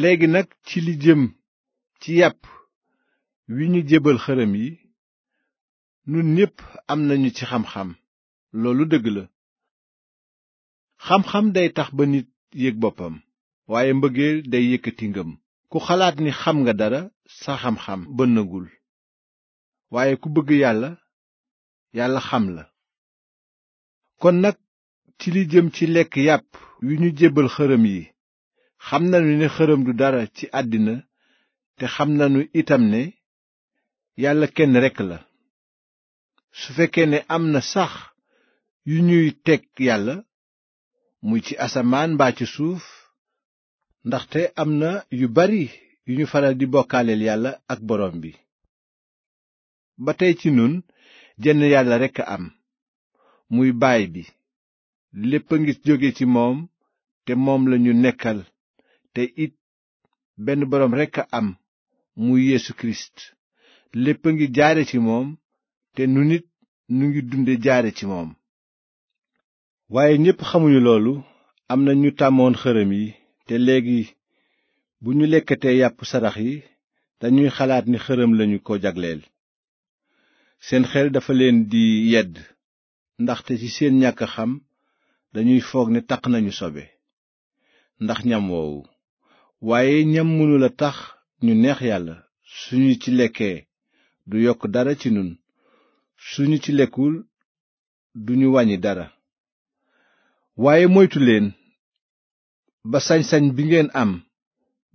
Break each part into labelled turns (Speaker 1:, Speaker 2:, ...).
Speaker 1: léegi nag ci li jëm ci yàpp wi ñu jébal xërëm yi nun ñépp am nañu ci xam-xam loolu dëgg la xam-xam day tax ba nit yéeg boppam waaye mbëggeel day yëkkati ngëm ku xalaat ni xam nga dara sa xam-xam bënnagul waaye ku bëgg yàlla yàlla xam la kon nag ci li jëm ci lekk yàpp wi ñu jébbal xërëm yi xam na nanu ne xërëm du dara ci àddina te xam na nanu itam ne yàlla kenn rekk la su fekkee ne am na sax yu ñuy teg yàlla muy ci asamaan mbaa ci suuf ndaxte am na yu bari yu ñu faral di bokkaaleel yàlla ak borom bi ba tey ci nun jenn yàlla rekk a am muy baay bi lépp a ngi jóge ci moom te moom lañu nekkal te it benn boroom rekk a am mu Yeesu Kirist lépp a ngi jaare ci moom te nu nit nu ngi dunde jaare ci moom waaye ñépp xamuñu loolu am na ñu tàmmoon xërëm yi te léegi bu ñu lekkatee yàpp sarax yi dañuy xalaat ni xërëm lañu ko jagleel seen xel dafa leen di yedd ndaxte ci seen ñàkk xam dañuy foog ne taq nañu sobe ndax ñam woowu waaye ñam mënula tax ñu neex yàlla suñu ci lekkee du yokk dara ci nun suñu ci lekkul duñu wàññi dara waaye moytu leen ba sañ-sañ bi ngeen am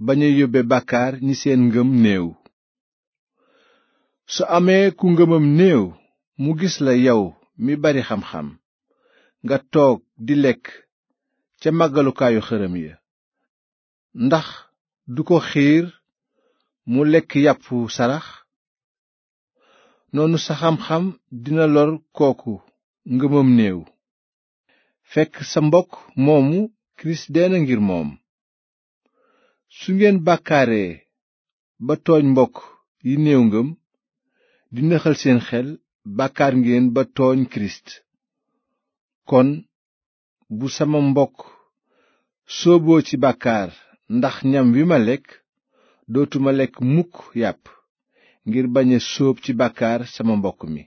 Speaker 1: bañ a yóbbe bàkkaar ñi seen ngëm néew su amee ku ngëmam néew mu gis la yow mi bari xam-xam nga toog di lekk ca màggalukaayu xërëm ya ndax du ko xiir mu lekk yàppu sarax noonu sa xam-xam dina lor kooku ngëmam néew fekk sa mbokk moomu kirist dee na ngir moom su ngeen bàkkaaree ba tooñ mbokk yi néew ngëm di nëxal seen xel bàkkaar ngeen ba tooñ kirist kon bu sama mbokk sooboo ci bàkkaar ndax ñam wi ma lekk dootuma lekk mukk yàpp ngir bañ a sóob ci bàkkaar sama mbokk mi